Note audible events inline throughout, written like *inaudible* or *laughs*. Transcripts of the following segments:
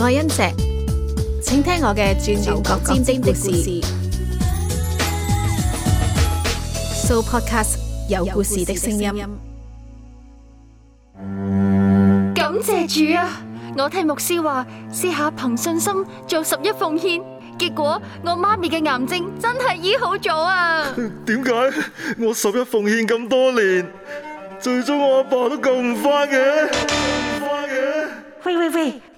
愛恩石，請聽我嘅鑽牛角尖的故事。So podcast 有故事的聲音。感謝主啊！我聽牧師話，試下憑信心做十一奉獻，結果我媽咪嘅癌症真係醫好咗啊！點解我十一奉獻咁多年，最終我阿爸都救唔翻嘅？救唔翻嘅！喂喂喂！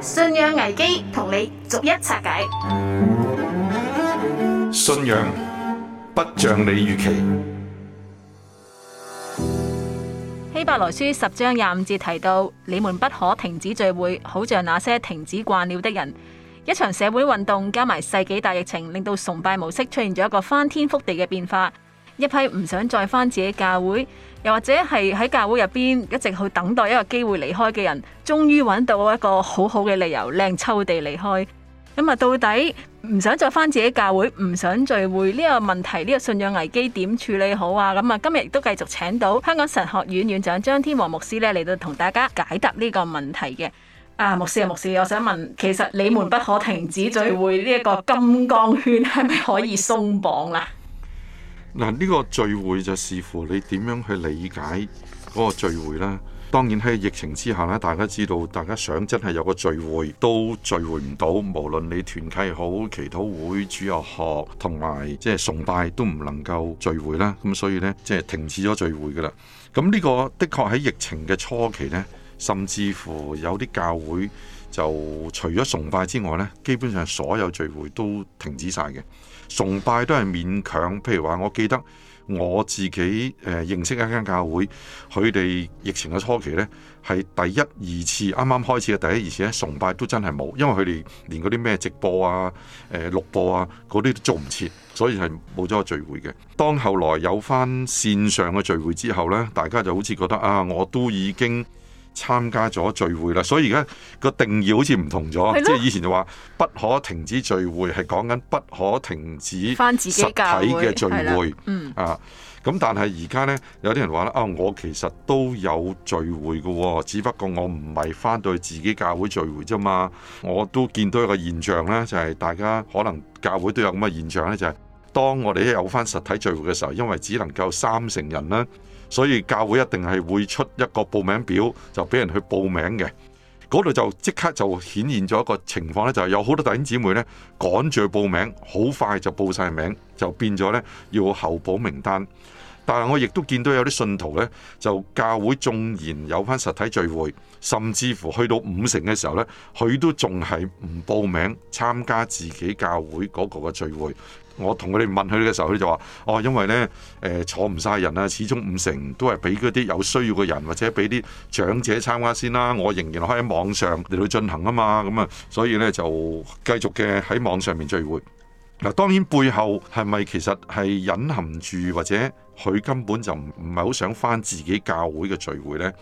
信仰危機同你逐一拆解。信仰不像你預期。希伯來書十章廿五節提到，你們不可停止聚會，好像那些停止慣了的人。一場社會運動加埋世紀大疫情，令到崇拜模式出現咗一個翻天覆地嘅變化。一批唔想再返自己教會，又或者係喺教會入邊一直去等待一個機會離開嘅人，終於揾到一個好好嘅理由，靚秋地離開。咁啊，到底唔想再返自己教會，唔想聚會呢個問題，呢個信仰危機點處理好啊？咁啊，今日亦都繼續請到香港神學院院長張天和牧師咧嚟到，同大家解答呢個問題嘅。啊，牧師啊，牧師，我想問，其實你們不可停止聚會呢一個金剛圈，係咪可以鬆綁啦？嗱，呢個聚會就視乎你點樣去理解嗰個聚會啦。當然喺疫情之下呢，大家知道，大家想真係有個聚會都聚會唔到，無論你團契好、祈禱會、主日學同埋即係崇拜都唔能夠聚會啦。咁所以呢，即係停止咗聚會噶啦。咁呢個的確喺疫情嘅初期呢，甚至乎有啲教會，就除咗崇拜之外呢，基本上所有聚會都停止晒嘅。崇拜都係勉強，譬如話，我記得我自己誒、呃、認識一間教會，佢哋疫情嘅初期呢，係第一二次啱啱開始嘅第一二次咧，崇拜都真係冇，因為佢哋連嗰啲咩直播啊、誒、呃、錄播啊嗰啲都做唔切，所以係冇咗個聚會嘅。當後來有翻線上嘅聚會之後呢，大家就好似覺得啊，我都已經。參加咗聚會啦，所以而家個定義好似唔同咗，的即係以前就話不可停止聚會，係講緊不可停止實體嘅聚會。嗯啊，咁但係而家呢，有啲人話咧啊，我其實都有聚會嘅，哦，只不過我唔係翻到自己教會聚會啫嘛。我都見到一個現象呢，就係，是，大家可能教會都有咁嘅現象呢。就係，是，當我哋有翻實體聚會嘅時候，因為只能夠三成人啦。所以教會一定係會出一個報名表，就俾人去報名嘅。嗰度就即刻就顯現咗一個情況咧，就係有好多弟兄姊妹咧趕住去報名，好快就報晒名，就變咗咧要候補名單。但係我亦都見到有啲信徒咧，就教會縱然有翻實體聚會，甚至乎去到五成嘅時候咧，佢都仲係唔報名參加自己教會嗰個嘅聚會。我同佢哋問佢嘅時候，佢就話：哦，因為呢誒、呃、坐唔晒人啊，始終五成都係俾嗰啲有需要嘅人，或者俾啲長者參加先啦。我仍然可以喺網上嚟到進行啊嘛，咁、嗯、啊，所以呢就繼續嘅喺網上面聚會。嗱、啊，當然背後係咪其實係隱含住或者？佢根本就唔係好想翻自己教會嘅聚會咧，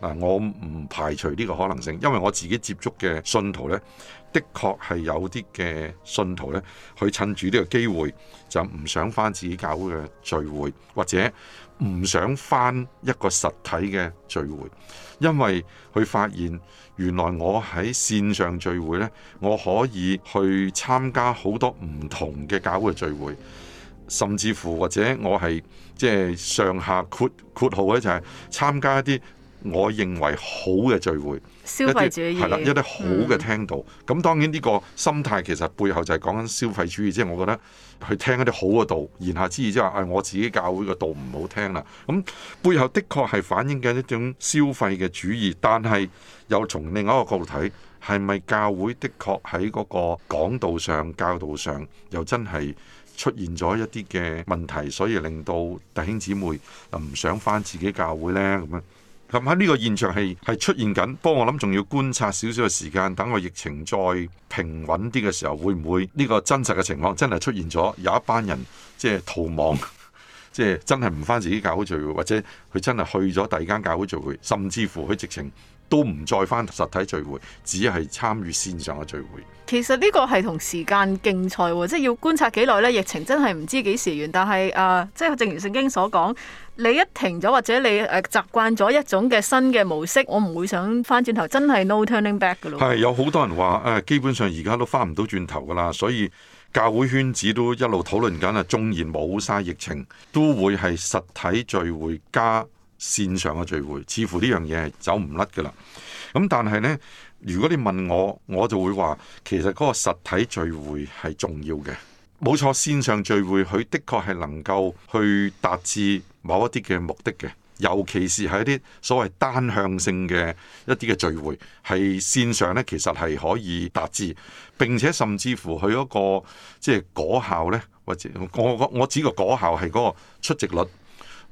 嗱，我唔排除呢個可能性，因為我自己接觸嘅信徒咧，的確係有啲嘅信徒咧，去趁住呢個機會，就唔想翻自己教會嘅聚會，或者唔想翻一個實體嘅聚會，因為，佢發現原來我喺綫上聚會咧，我可以去參加好多唔同嘅教會嘅聚會。甚至乎或者我係即係上下括括號咧，就係參加一啲我認為好嘅聚會，消費主義係啦，一啲好嘅聽道。咁、嗯、當然呢個心態其實背後就係講緊消費主義，即、就、係、是、我覺得去聽一啲好嘅道，言下之意即係話，誒，我自己教會個道唔好聽啦。咁背後的確係反映緊一種消費嘅主義，但係又從另外一個角度睇，係咪教會的確喺嗰個講道上、教導上又真係？出現咗一啲嘅問題，所以令到弟兄姊妹又唔想返自己教會呢。咁樣。咁喺呢個現場係係出現緊，不過我諗仲要觀察少少嘅時間，等個疫情再平穩啲嘅時候，會唔會呢個真實嘅情況真係出現咗？有一班人即係逃亡，即係真係唔返自己教會聚會，或者佢真係去咗第二間教會聚會，甚至乎佢直情，都唔再返實體聚會，只係參與線上嘅聚會。其實呢個係同時間競賽，即係要觀察幾耐呢。疫情真係唔知幾時完，但係啊、呃，即係正如聖經所講，你一停咗或者你誒、呃、習慣咗一種嘅新嘅模式，我唔會想返轉頭，真係 no turning back 㗎咯。係有好多人話誒、呃，基本上而家都返唔到轉頭噶啦，所以教會圈子都一路討論緊啊，縱然冇晒疫情，都會係實體聚會加。線上嘅聚會，似乎呢樣嘢係走唔甩噶啦。咁、嗯、但係呢，如果你問我，我就會話其實嗰個實體聚會係重要嘅。冇錯，線上聚會佢的確係能夠去達至某一啲嘅目的嘅，尤其是喺一啲所謂單向性嘅一啲嘅聚會，係線上呢，其實係可以達至。並且甚至乎佢嗰個即係果效呢，或者我我指嘅果效係嗰個出席率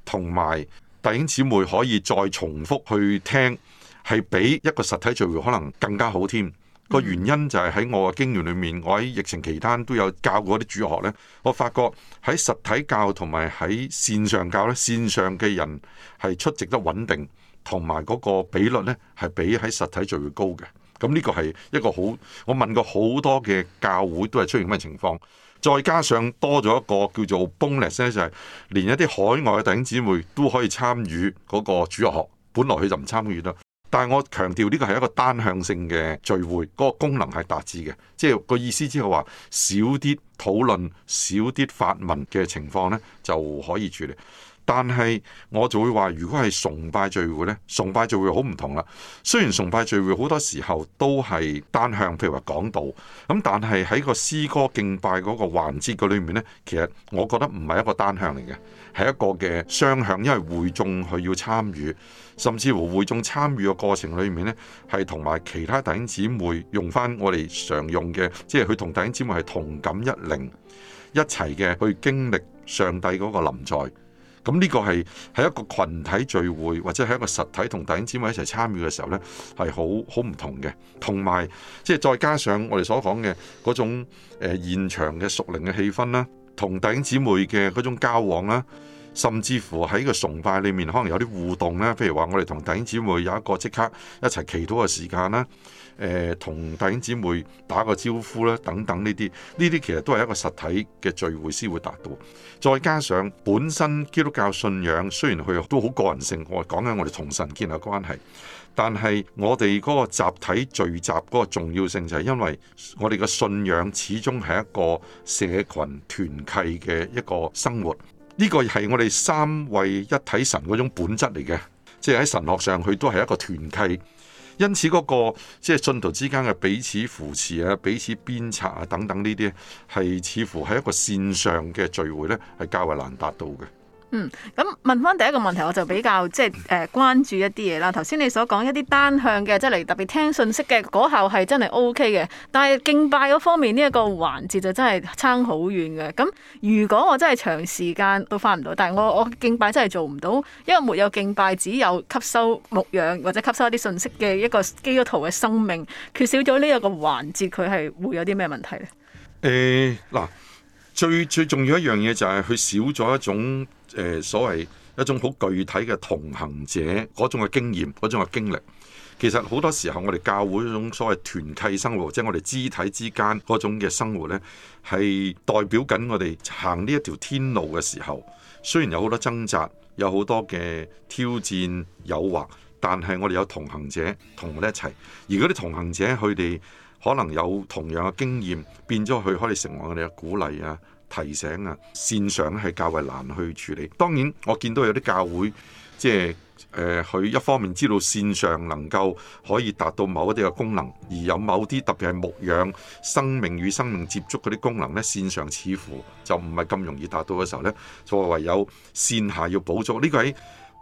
同埋，弟兄姊妹可以再重複去聽，係比一個實體聚會可能更加好添。個原因就係喺我嘅經驗裏面，我喺疫情期間都有教過啲主學呢，我發覺喺實體教同埋喺線上教呢，線上嘅人係出席得穩定，同埋嗰個比率呢，係比喺實體聚會高嘅。咁呢個係一個好，我問過好多嘅教會都係出現咁嘅情況。再加上多咗一個叫做 bonus，就係連一啲海外嘅弟兄姊妹都可以參與嗰個主日學，本來佢就唔參與啦。但係我強調呢個係一個單向性嘅聚會，嗰個功能係達致嘅，即係個意思之後話少啲討論、少啲發文嘅情況呢，就可以處理。但係我就會話，如果係崇拜聚會呢，崇拜聚會好唔同啦。雖然崇拜聚會好多時候都係單向，譬如話講道咁，但係喺個詩歌敬拜嗰個環節裏面呢，其實我覺得唔係一個單向嚟嘅，係一個嘅雙向，因為會眾佢要參與，甚至乎會眾參與嘅過程裏面呢，係同埋其他弟兄姊妹用返我哋常用嘅，即係佢同弟兄姊妹係同感一靈一齊嘅去經歷上帝嗰個臨在。咁呢個係係一個群體聚會，或者係一個實體同弟兄姊妹一齊參與嘅時候呢，係好好唔同嘅。同埋即係再加上我哋所講嘅嗰種誒、呃、現場嘅熟齡嘅氣氛啦，同弟兄姊妹嘅嗰種交往啦。甚至乎喺個崇拜裏面，可能有啲互動啦。譬如話我哋同弟兄姊妹有一個即刻一齊祈禱嘅時間啦，誒、呃，同弟兄姊妹打個招呼啦等等呢啲，呢啲其實都係一個實體嘅聚會先會達到。再加上本身基督教信仰雖然佢都好個人性，我講緊我哋同神建立關係，但係我哋嗰個集體聚集嗰個重要性就係因為我哋嘅信仰始終係一個社群團契嘅一個生活。呢個係我哋三位一體神嗰種本質嚟嘅，即係喺神學上佢都係一個團契，因此嗰、那個即係信徒之間嘅彼此扶持啊、彼此鞭策啊等等呢啲，係似乎係一個線上嘅聚會咧，係較為難達到嘅。嗯，咁問翻第一個問題，我就比較即係誒關注一啲嘢啦。頭先你所講一啲單向嘅，即係嚟特別聽信息嘅嗰下係真係 OK 嘅，但係敬拜嗰方面呢一個環節就真係差好遠嘅。咁如果我真係長時間都翻唔到，但係我我敬拜真係做唔到，因為沒有敬拜，只有吸收牧養或者吸收一啲信息嘅一個基督徒嘅生命，缺少咗呢一個環節，佢係會有啲咩問題呢？誒、欸，嗱，最最重要一樣嘢就係佢少咗一種。誒、呃，所謂一種好具體嘅同行者嗰種嘅經驗，嗰種嘅經歷，其實好多時候我哋教會一種所謂團契生活，即係我哋肢體之間嗰種嘅生活呢，係代表緊我哋行呢一條天路嘅時候，雖然有好多掙扎，有好多嘅挑戰、誘惑，但係我哋有同行者同我哋一齊，而嗰啲同行者佢哋可能有同樣嘅經驗，變咗佢可以成為我哋嘅鼓勵啊、提醒啊，線上係較為難去處理。當然，我見到有啲教會，即係佢、呃、一方面知道線上能夠可以達到某一啲嘅功能，而有某啲特別係牧養、生命與生命接觸嗰啲功能呢，線上似乎就唔係咁容易達到嘅時候呢，就唯有線下要補足。呢、這個喺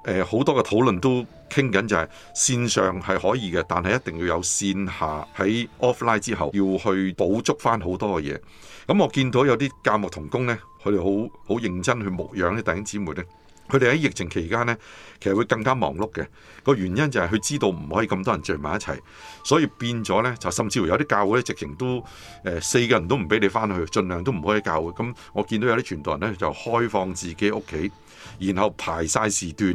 誒好多嘅討論都傾緊，就係線上係可以嘅，但係一定要有線下喺 offline 之後，要去補足翻好多嘅嘢。咁、嗯、我見到有啲教牧同工呢，佢哋好好認真去牧養啲弟兄姊妹呢。佢哋喺疫情期間呢，其實會更加忙碌嘅。個原因就係佢知道唔可以咁多人聚埋一齊，所以變咗呢，就甚至乎有啲教會咧直情都、呃、四個人都唔俾你翻去，盡量都唔可以教會。咁、嗯、我見到有啲傳道人呢，就開放自己屋企。然後排晒時段，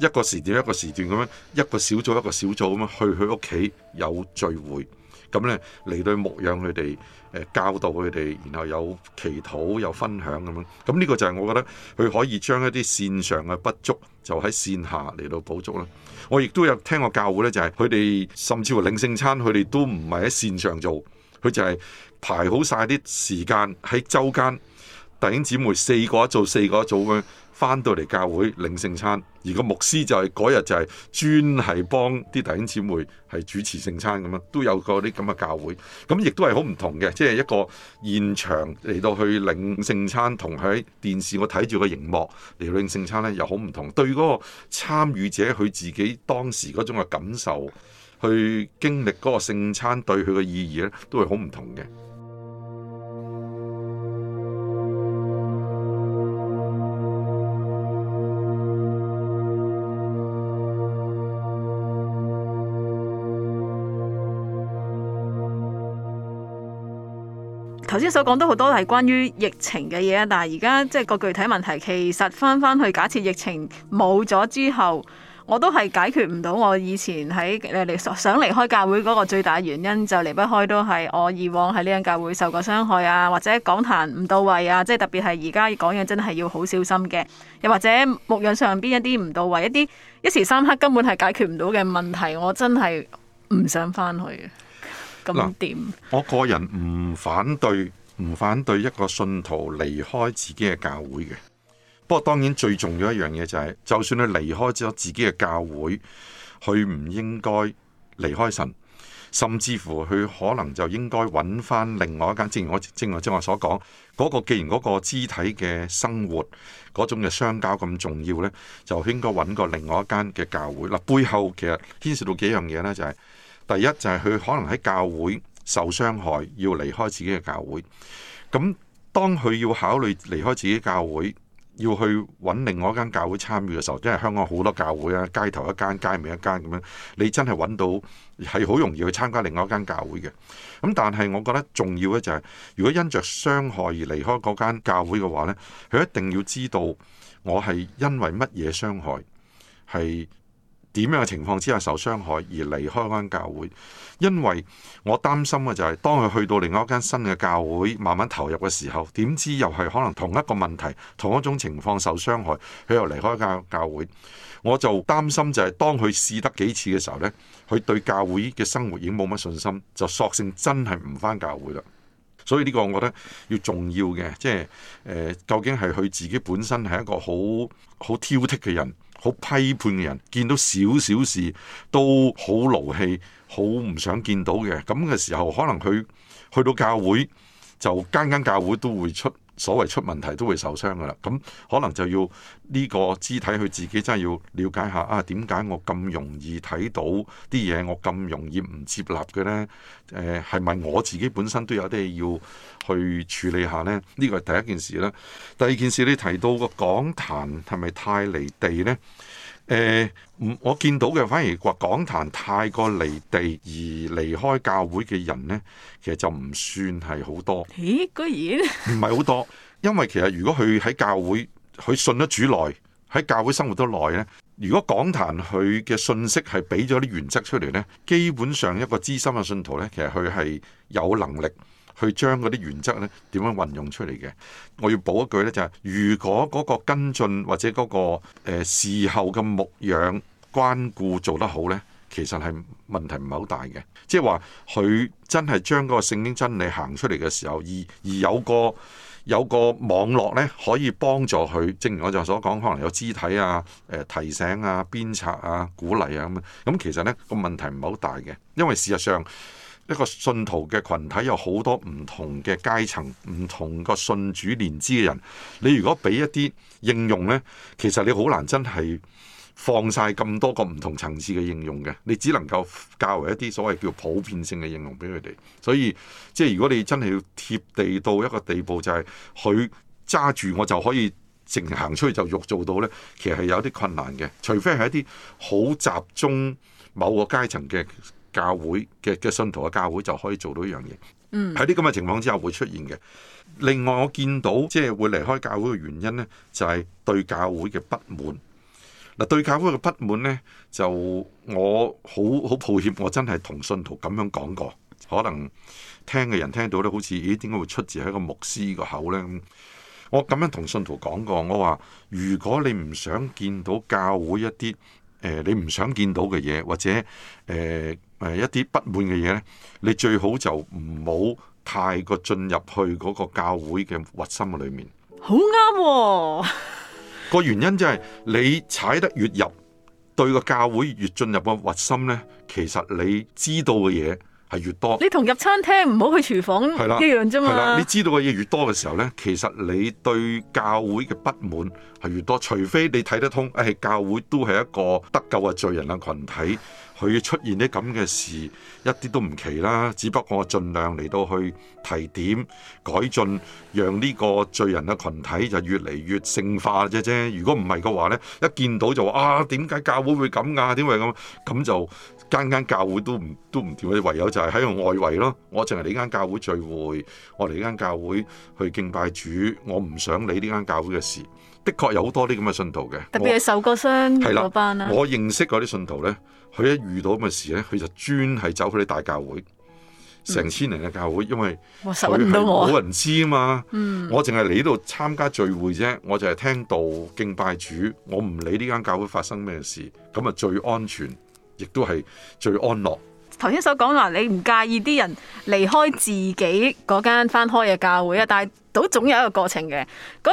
一個時段一個時段咁樣，一個小組一個小組咁樣去佢屋企有聚會，咁咧嚟到牧養佢哋，呃，教導佢哋，然後有祈禱有分享咁樣，咁、嗯、呢、呢個就係我覺得佢可以將一啲線上嘅不足，就喺線下嚟到補足啦。我亦都有聽過教會呢就係佢哋甚至乎領聖餐，佢哋都唔係喺線上做，佢就係排好晒啲時間喺周間弟兄姊妹四個一組四個一組咁。翻到嚟教會領聖餐，而個牧師就係嗰日就係專係幫啲弟兄姊妹係主持聖餐咁樣，都有過啲咁嘅教會，咁亦都係好唔同嘅，即係一個現場嚟到去領聖餐，同喺電視我睇住個熒幕嚟領聖餐呢又好唔同。對嗰個參與者，佢自己當時嗰種嘅感受，去經歷嗰個聖餐對佢嘅意義呢都係好唔同嘅。頭先所講都好多係關於疫情嘅嘢啊，但係而家即係個具體問題，其實翻翻去假設疫情冇咗之後，我都係解決唔到我以前喺誒想離開教會嗰個最大原因，就離不開都係我以往喺呢間教會受過傷害啊，或者講壇唔到位啊，即係特別係而家講嘢真係要好小心嘅，又或者牧養上邊一啲唔到位，一啲一時三刻根本係解決唔到嘅問題，我真係唔想翻去。嗱，我個人唔反對，唔反對一個信徒離開自己嘅教會嘅。不過當然最重要一樣嘢就係，就算佢離開咗自己嘅教會，佢唔應該離開神。甚至乎佢可能就應該揾翻另外一間。正如我，正如我所講，嗰個既然嗰個肢體嘅生活，嗰種嘅相交咁重要呢，就應該揾個另外一間嘅教會。嗱，背後其實牽涉到幾樣嘢呢，就係。第一就係佢可能喺教會受傷害，要離開自己嘅教會。咁當佢要考慮離開自己教會，要去揾另外一間教會參與嘅時候，即係香港好多教會啊，街頭一間、街尾一間咁樣。你真係揾到係好容易去參加另外一間教會嘅。咁但係我覺得重要咧就係，如果因着傷害而離開嗰間教會嘅話呢，佢一定要知道我係因為乜嘢傷害係。點樣嘅情況之下受傷害而離開嗰間教會？因為我擔心嘅就係當佢去到另外一間新嘅教會，慢慢投入嘅時候，點知又係可能同一個問題、同一種情況受傷害，佢又離開教教會。我就擔心就係當佢試得幾次嘅時候呢，佢對教會嘅生活已經冇乜信心，就索性真係唔返教會啦。所以呢個我覺得要重要嘅，即係究竟係佢自己本身係一個好好挑剔嘅人。好批判嘅人，見到少少事都好勞氣，好唔想見到嘅。咁嘅時候，可能佢去，去到教會就間間教會都會出。所謂出問題都會受傷噶啦，咁可能就要呢個肢體佢自己真係要了解下啊，點解我咁容易睇到啲嘢，我咁容易唔接納嘅呢？誒、呃，係咪我自己本身都有啲嘢要去處理下呢？」呢個係第一件事啦。第二件事，你提到個講壇係咪太離地呢？誒、呃，我見到嘅反而話，講壇太過離地而離開教會嘅人呢，其實就唔算係好多。咦？居然唔係好多，因為其實如果佢喺教會，佢信得主耐，喺教會生活得耐呢，如果講壇佢嘅信息係俾咗啲原則出嚟呢，基本上一個資深嘅信徒呢，其實佢係有能力，去將嗰啲原則咧點樣運用出嚟嘅？我要補一句咧，就係、是、如果嗰個跟進或者嗰、那個、呃、事後嘅牧養關顧做得好咧，其實係問題唔係好大嘅。即係話佢真係將嗰個聖經真理行出嚟嘅時候，而而有個有個網絡咧，可以幫助佢。正如我就所講，可能有肢體啊、誒、呃、提醒啊、鞭策啊、鼓勵啊咁樣。咁其實咧個問題唔係好大嘅，因為事實上。一個信徒嘅群體有好多唔同嘅階層，唔同個信主連枝嘅人。你如果俾一啲應用呢，其實你好難真係放晒咁多個唔同層次嘅應用嘅。你只能夠較為一啲所謂叫普遍性嘅應用俾佢哋。所以即係如果你真係要貼地到一個地步，就係佢揸住我就可以直行出去就欲做到呢。其實係有啲困難嘅。除非係一啲好集中某個階層嘅。教會嘅嘅信徒嘅教會就可以做到呢樣嘢，嗯，喺啲咁嘅情況之下會出現嘅。另外，我見到即係會離開教會嘅原因呢，就係對教會嘅不滿。嗱，對教會嘅不滿呢，就我好好抱歉，我真係同信徒咁樣講過，可能聽嘅人聽到咧，好似咦，點解會出自喺個牧師個口呢？我咁樣同信徒講過，我話如果你唔想見到教會一啲誒，你唔想見到嘅嘢，或者誒。誒，一啲不滿嘅嘢呢，你最好就唔好太過進入去嗰個教會嘅核心嘅裏面。好啱對、哦，個 *laughs* 原因就係你踩得越入，對個教會越進入個核心呢，其實你知道嘅嘢係越多。你同入餐廳唔好去廚房係啦的一樣啫嘛。係啦，你知道嘅嘢越多嘅時候呢，其實你對教會嘅不滿係越多，除非你睇得通，誒、哎，教會都係一個得救嘅罪人嘅群體。佢出現啲咁嘅事，一啲都唔奇啦。只不過我盡量嚟到去提點改進，讓呢個罪人嘅群體就越嚟越聖化啫啫。如果唔係嘅話呢，一見到就話啊，點解教會會咁噶、啊？點會咁咁、啊、就間間教會都唔都唔掂。我哋唯有就係喺度外圍咯。我淨係嚟間教會聚會，我嚟呢間教會去敬拜主。我唔想理呢間教會嘅事。的確有好多啲咁嘅信徒嘅，特別係受過傷嗰班啦、啊。我認識嗰啲信徒咧，佢一遇到咁嘅事咧，佢就專係走去啲大教會，成、嗯、千年嘅教會，因為佢係冇人知啊嘛。嗯、我淨係嚟呢度參加聚會啫，我就係聽道敬拜主，我唔理呢間教會發生咩事，咁啊最安全，亦都係最安樂。頭先所講嗱，你唔介意啲人離開自己嗰間翻開嘅教會啊？但都總有一個過程嘅，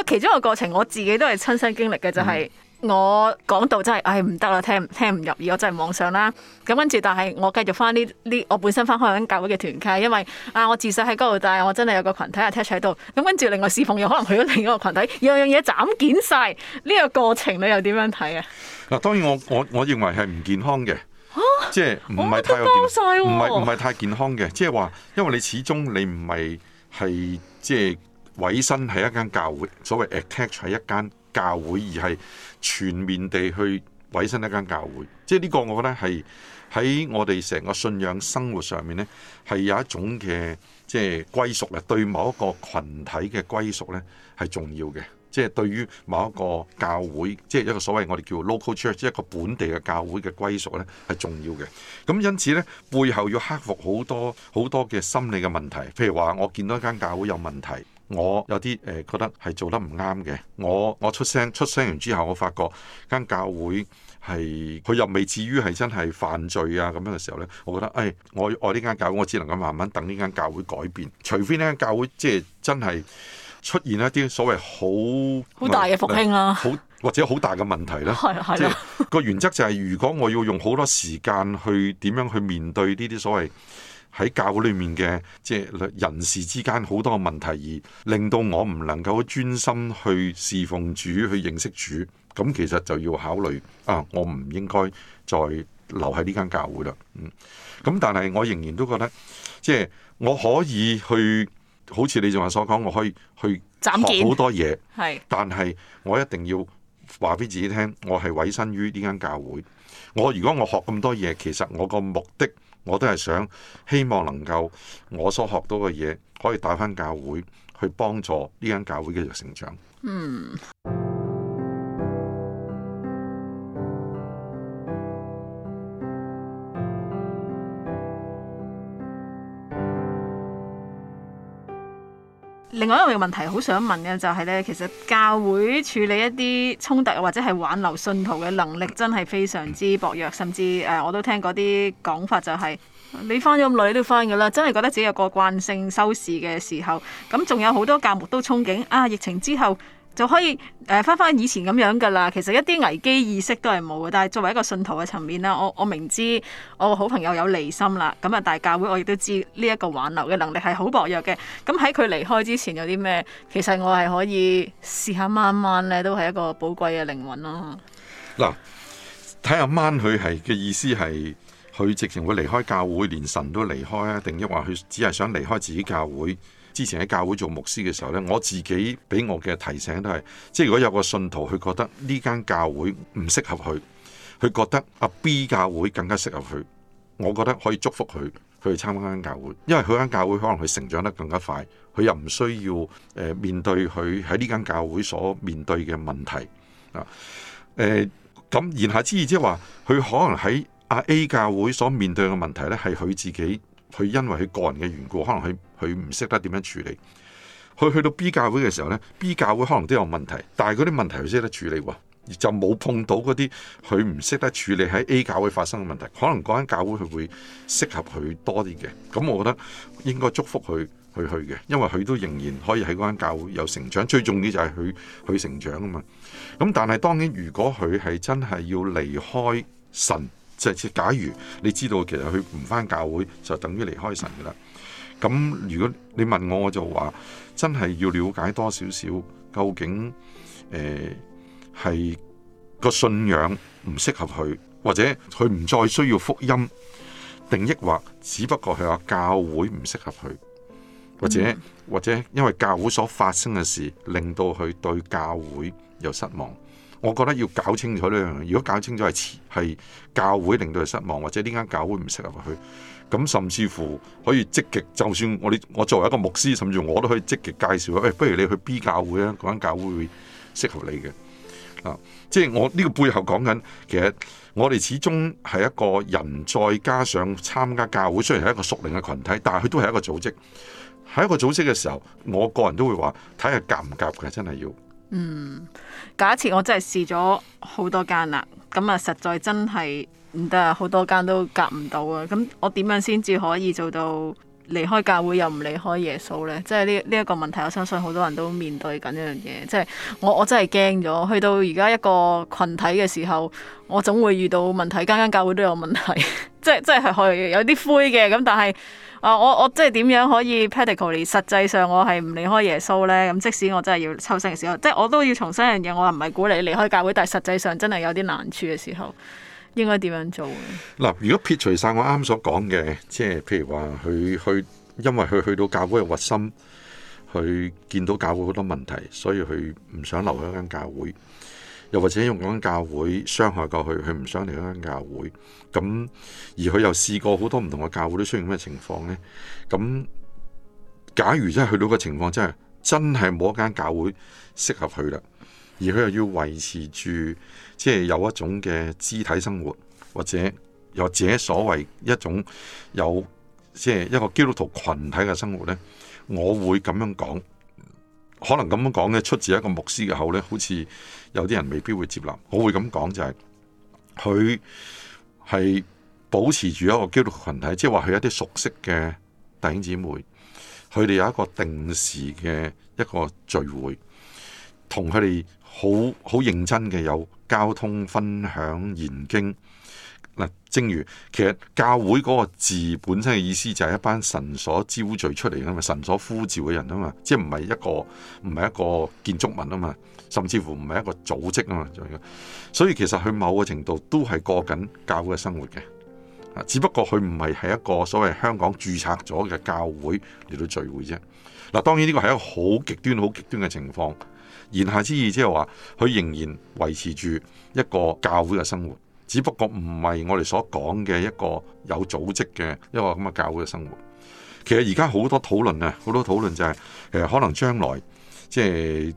其中一個過程我自己都係親身經歷嘅，就係、是、我講到真係，唉唔得啦，聽聽唔入耳，我真係網上啦。咁跟住，但係我繼續翻呢呢，我本身翻開響教會嘅團契，因為啊，我自細喺嗰度，但係我真係有個群體啊 touch 喺度。咁跟住，另外侍奉又可能去咗另一個群體，樣樣嘢斬件晒呢、這個過程，你又點樣睇啊？嗱，當然我我我認為係唔健康嘅，啊、即係唔係太唔係唔係太健康嘅，即係話，因為你始終你唔係係即係。委身係一間教會，所謂 attach 喺一間教會，而係全面地去委身一間教會。即係呢個，我覺得係喺我哋成個信仰生活上面呢，係有一種嘅即係歸屬啊。對某一個群體嘅歸屬呢，係重要嘅。即係對於某一個教會，即係一個所謂我哋叫 local church，即係一個本地嘅教會嘅歸屬呢，係重要嘅。咁因此呢，背後要克服好多好多嘅心理嘅問題。譬如話，我見到一間教會有問題。我有啲誒覺得係做得唔啱嘅，我我出聲出聲，完之後，我發覺間教會係佢又未至於係真係犯罪啊咁樣嘅時候呢，我覺得誒、哎，我我呢間教會我只能夠慢慢等呢間教會改變，除非呢間教會即係真係出現一啲所謂好好大嘅復興啦、啊，好或者好大嘅問題啦係啦。個、 *laughs* 就係、原則就係、是、如果我要用好多時間去點樣去面對呢啲所謂。喺教會裏面嘅即係人事之間好多問題，而令到我唔能夠專心去侍奉主，去認識主。咁其實就要考慮啊，我唔應該再留喺呢間教會啦。嗯，咁但係我仍然都覺得，即係我可以去，好似你仲話所講，我可以去學好多嘢。係，但係我一定要話俾自己聽，我係委身於呢間教會。我如果我學咁多嘢，其實我個目的。我都係想，希望能夠我所學到嘅嘢，可以帶返教會，去幫助呢間教會繼續成長。嗯。另外一個問題好想問嘅就係咧，其實教會處理一啲衝突或者係挽留信徒嘅能力真係非常之薄弱，甚至誒、呃、我都聽嗰啲講法就係、是、你翻咗咁耐都翻㗎啦，真係覺得自己有個慣性收視嘅時候，咁仲有好多教牧都憧憬啊疫情之後，就可以誒翻翻以前咁樣噶啦，其實一啲危機意識都係冇嘅。但係作為一個信徒嘅層面啦，我我明知我好朋友有離心啦，咁啊大教會我亦都知呢一個挽留嘅能力係好薄弱嘅。咁喺佢離開之前有啲咩？其實我係可以試下掹掹咧，都係一個寶貴嘅靈魂咯。嗱，睇下掹佢係嘅意思係，佢直情會離開教會，連神都離開啊，定抑或佢只係想離開自己教會？之前喺教會做牧師嘅時候呢，我自己俾我嘅提醒都係，即係如果有個信徒佢覺得呢間教會唔適合佢，佢覺得阿 B 教會更加適合佢，我覺得可以祝福佢佢去參加間教會，因為佢間教會可能佢成長得更加快，佢又唔需要誒面對佢喺呢間教會所面對嘅問題啊。咁、呃、言下之意即係話，佢可能喺阿 A 教會所面對嘅問題呢，係佢自己。佢因為佢個人嘅緣故，可能佢佢唔識得點樣處理。佢去到 B 教會嘅時候呢，B 教會可能都有問題，但係嗰啲問題佢識得處理喎，而就冇碰到嗰啲佢唔識得處理喺 A 教會發生嘅問題。可能嗰間教會佢會適合佢多啲嘅。咁我覺得應該祝福佢去去嘅，因為佢都仍然可以喺嗰間教會有成長。最重要就係佢佢成長啊嘛。咁但係當然，如果佢係真係要離開神。即係，假如你知道其實佢唔返教會，就等於離開神㗎喇。咁如果你問我，我就話真係要了解多少少，究竟誒係、呃、個信仰唔適合佢，或者佢唔再需要福音定抑或只不過係話教會唔適合佢，或者、嗯、或者因為教會所發生嘅事，令到佢對教會有失望。我覺得要搞清楚呢樣嘢，如果搞清楚係係教會令到佢失望，或者呢間教會唔適合佢，咁甚至乎可以積極，就算我哋我作為一個牧師，甚至我都可以積極介紹話，哎，不如你去 B 教會啊，嗰間教會會適合你嘅。啊，即係我呢個背後講緊，其實我哋始終係一個人，再加上參加教會，雖然係一個熟齡嘅群體，但係佢都係一個組織。喺一個組織嘅時候，我個人都會話睇下夾唔夾嘅，真係要。嗯，假設我真係試咗好多間啦，咁啊實在真係唔得啊，好多間都夾唔到啊。咁我點樣先至可以做到離開教會又唔離開耶穌呢？即係呢呢一個問題，我相信好多人都面對緊一樣嘢。即係我我真係驚咗，去到而家一個群體嘅時候，我總會遇到問題，間間教會都有問題，即係即係係可以有啲灰嘅，咁但係。啊、uh，我我即係點樣可以 practically？實際上我係唔離開耶穌呢。咁即使我真係要抽身嘅時候，即係我都要重新一樣嘢。我唔係鼓勵你離開教會，但係實際上真係有啲難處嘅時候，應該點樣做？嗱，如果撇除晒我啱啱所講嘅，即係譬如話佢去，因為佢去到教會嘅核心，佢見到教會好多問題，所以佢唔想留喺一間教會。又或者用嗰間教會傷害過佢，佢唔想離開教會。咁而佢又試過好多唔同嘅教會都出現咩情況呢？咁假如真係去到個情況，就係、真係真係冇一間教會適合佢啦，而佢又要維持住即係有一種嘅肢體生活，或者有自己所謂一種有即係一個基督徒群體嘅生活咧，我會咁樣講。可能咁樣講咧，出自一個牧師嘅口呢，好似有啲人未必會接納。我會咁講就係、是，佢係保持住一個基督群體，即係話佢一啲熟悉嘅弟兄姊妹，佢哋有一個定時嘅一個聚會，同佢哋好好認真嘅有交通分享研經。正如其實教會嗰個字本身嘅意思，就係一班神所招聚出嚟嘅嘛，神所呼召嘅人啊嘛，即係唔係一個唔係一個建築物啊嘛，甚至乎唔係一個組織啊嘛，所以其實佢某個程度都係過緊教會嘅生活嘅，只不過佢唔係喺一個所謂香港註冊咗嘅教會嚟到聚會啫。嗱，當然呢個係一個好極端、好極端嘅情況，言下之意即係話佢仍然維持住一個教會嘅生活。只不過唔係我哋所講嘅一個有組織嘅一個咁嘅教會嘅生活。其實而家好多討論啊，好多討論就係誒，可能將來即係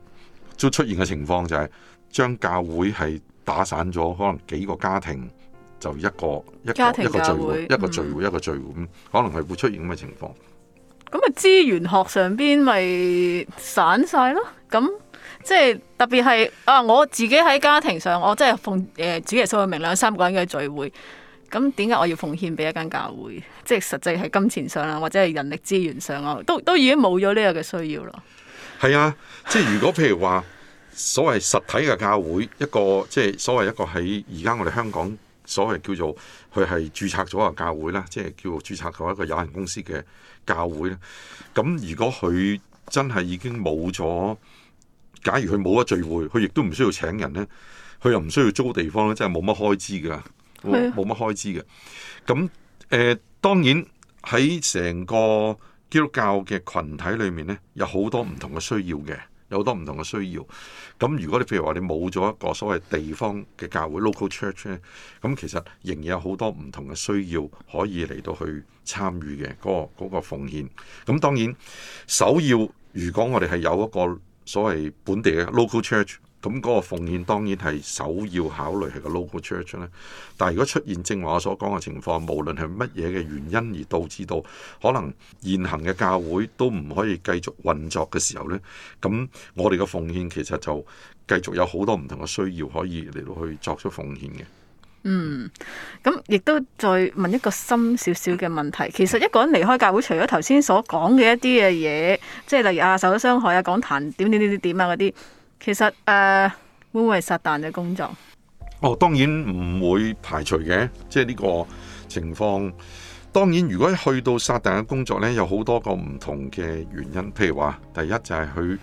都出現嘅情況就係將教會係打散咗，可能幾個家庭就一個一個一個聚會，一個聚會一個聚會，可能係會出現咁嘅情況。咁啊，資源學上邊咪散曬咯？咁。即係特別係啊！我自己喺家庭上，我即係奉誒主耶穌嘅名，兩三個人嘅聚會，咁點解我要奉獻俾一間教會？即係實際係金錢上啦，或者係人力資源上，我都都已經冇咗呢個嘅需要咯。係啊，即係如果譬如話，所謂實體嘅教會，一個即係所謂一個喺而家我哋香港所謂叫做佢係註冊咗個教會啦，即係叫註冊咗一個有限公司嘅教會咧。咁如果佢真係已經冇咗。假如佢冇得聚會，佢亦都唔需要請人咧，佢又唔需要租地方咧，真係冇乜開支噶，冇乜的開支嘅。咁誒、呃，當然喺成個基督教嘅群體裏面呢，有好多唔同嘅需要嘅，有好多唔同嘅需要。咁如果你譬如話你冇咗一個所謂地方嘅教會 （local church） 呢，咁其實仍然有好多唔同嘅需要可以嚟到去參與嘅，嗰、嗰個、嗰個奉獻。咁當然，首要如果我哋係有一個。所謂本地嘅 local church，咁嗰個奉獻當然係首要考慮係個 local church 咧。但係如果出現正話我所講嘅情況，無論係乜嘢嘅原因而導致到可能現行嘅教會都唔可以繼續運作嘅時候呢，咁我哋嘅奉獻其實就繼續有好多唔同嘅需要可以嚟到去作出奉獻嘅。嗯，咁亦都再問一個深少少嘅問題。其實一個人離開教會，除咗頭先所講嘅一啲嘅嘢，即係例如啊，受咗傷害啊，講壇點點點點點啊嗰啲，其實誒、啊、會唔會係撒旦嘅工作？哦，當然唔會排除嘅，即係呢個情況。當然，如果去到撒旦嘅工作呢，有好多個唔同嘅原因。譬如話，第一就係去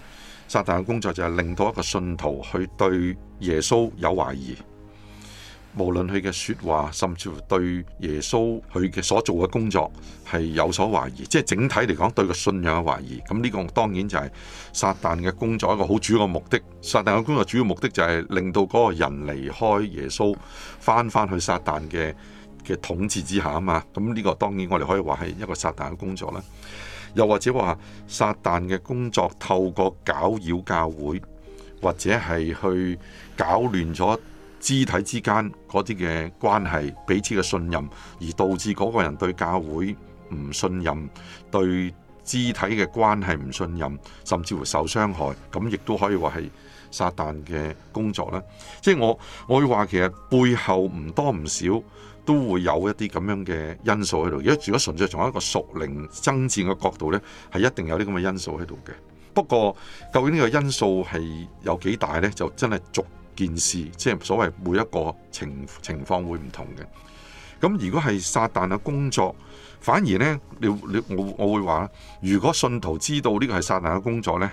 撒旦嘅工作，就係令到一個信徒去對耶穌有懷疑。無論佢嘅說話，甚至乎對耶穌佢嘅所做嘅工作係有所懷疑，即係整體嚟講對個信仰嘅懷疑。咁呢個當然就係撒旦嘅工作一個好主要嘅目的。撒旦嘅工作主要目的就係令到嗰個人離開耶穌，翻翻去撒旦嘅嘅統治之下啊嘛。咁呢個當然我哋可以話係一個撒旦嘅工作啦。又或者話撒旦嘅工作透過攪擾教會，或者係去搞亂咗。肢體之間嗰啲嘅關係，彼此嘅信任，而導致嗰個人對教會唔信任，對肢體嘅關係唔信任，甚至乎受傷害，咁亦都可以話係撒旦嘅工作啦。即係我我會話，其實背後唔多唔少都會有一啲咁樣嘅因素喺度。如果如果純粹從一個屬靈爭戰嘅角度呢，係一定有啲咁嘅因素喺度嘅。不過究竟呢個因素係有幾大呢？就真係逐。件事即係所謂每一個情情況會唔同嘅，咁如果係撒旦嘅工作，反而呢，你你我我會話，如果信徒知道呢個係撒旦嘅工作呢，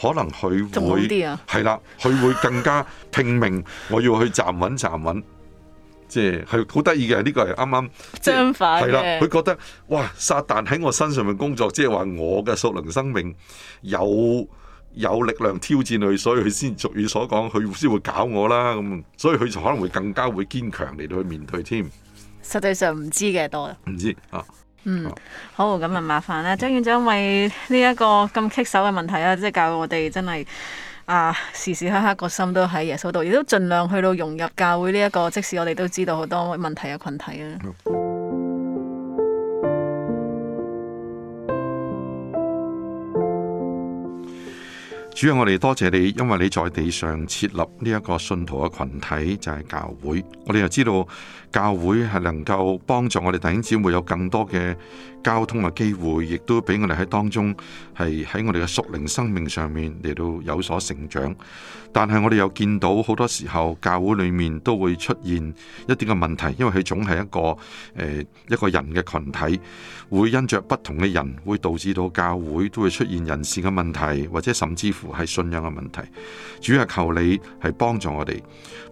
可能佢會係啦，佢、啊、會更加拼命我要去站穩站穩，即係係好得意嘅呢個係啱啱，係啦，佢覺得哇撒旦喺我身上面工作，即係話我嘅屬靈生命有。有力量挑戰佢，所以佢先俗語所講，佢先會搞我啦。咁，所以佢就可能會更加會堅強嚟到去面對添。實際上唔知嘅多，唔知啊。嗯，啊、好，咁啊麻煩啦，張院長，為呢一個咁棘手嘅問題，就是、啊，即係教我哋真係啊時時刻刻個心都喺耶穌度，亦都盡量去到融入教會呢，這一個，即使我哋都知道好多問題嘅群體啊。嗯主要我哋多謝你，因為你在地上設立呢一個信徒嘅群體就係教會，我哋又知道教會係能夠幫助我哋弟兄姊妹有更多嘅交通嘅機會，亦都俾我哋喺當中係喺我哋嘅屬靈生命上面嚟到有所成長。但係我哋又見到好多時候教會裏面都會出現一啲嘅問題，因為佢總係一個呃一個人嘅群體，會因着不同嘅人，會導致到教會都會出現人事嘅問題，或者甚至乎。係信仰嘅問題，主要係求你係幫助我哋，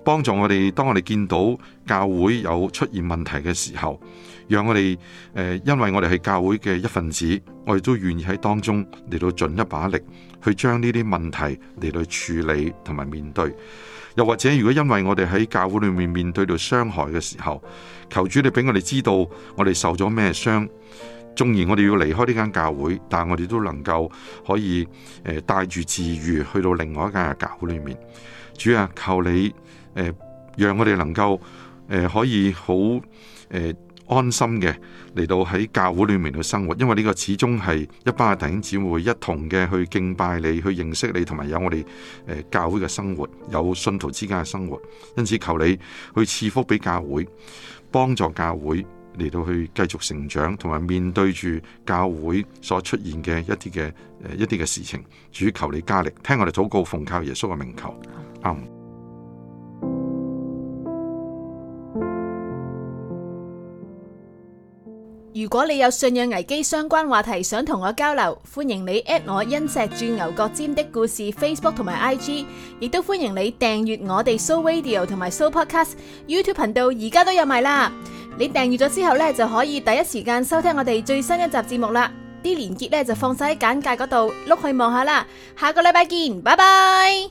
幫助我哋。當我哋見到教會有出現問題嘅時候，讓我哋誒、呃，因為我哋係教會嘅一份子，我哋都願意喺當中嚟到盡一把力，去將呢啲問題嚟到處理同埋面對。又或者如果因為我哋喺教會裏面面對到傷害嘅時候，求主你俾我哋知道我哋受咗咩傷。縱然我哋要離開呢間教會，但係我哋都能夠可以誒、呃、帶住治癒去到另外一間嘅教會裏面。主啊，求你誒、呃、讓我哋能夠誒、呃、可以好誒、呃、安心嘅嚟到喺教會裏面去生活，因為呢個始終係一班弟兄姊妹一同嘅去敬拜你、去認識你，同埋有我哋誒、呃、教會嘅生活、有信徒之間嘅生活。因此，求你去賜福俾教會，幫助教會。嚟到去繼續成長，同埋面對住教會所出現嘅一啲嘅誒一啲嘅事情，主求你加力，聽我哋禱告，奉靠耶穌嘅名求。嗯、如果你有信仰危機相關話題想同我交流，歡迎你 at 我《因石鑽牛角尖的故事》 *noise* Facebook 同埋 IG，亦都歡迎你訂閱我哋 So Radio 同埋 So Podcast YouTube 頻道，而家都有埋啦。你訂閱咗之後呢，就可以第一時間收聽我哋最新一集節目啦。啲連結呢就放晒喺簡介嗰度，碌去望下啦。下個禮拜見，拜拜。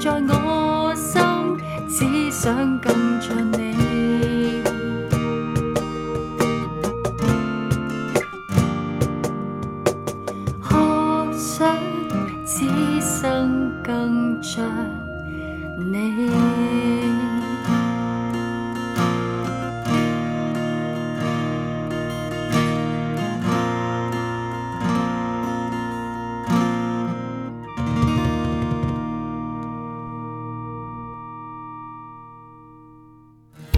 常在我心，只想更近你。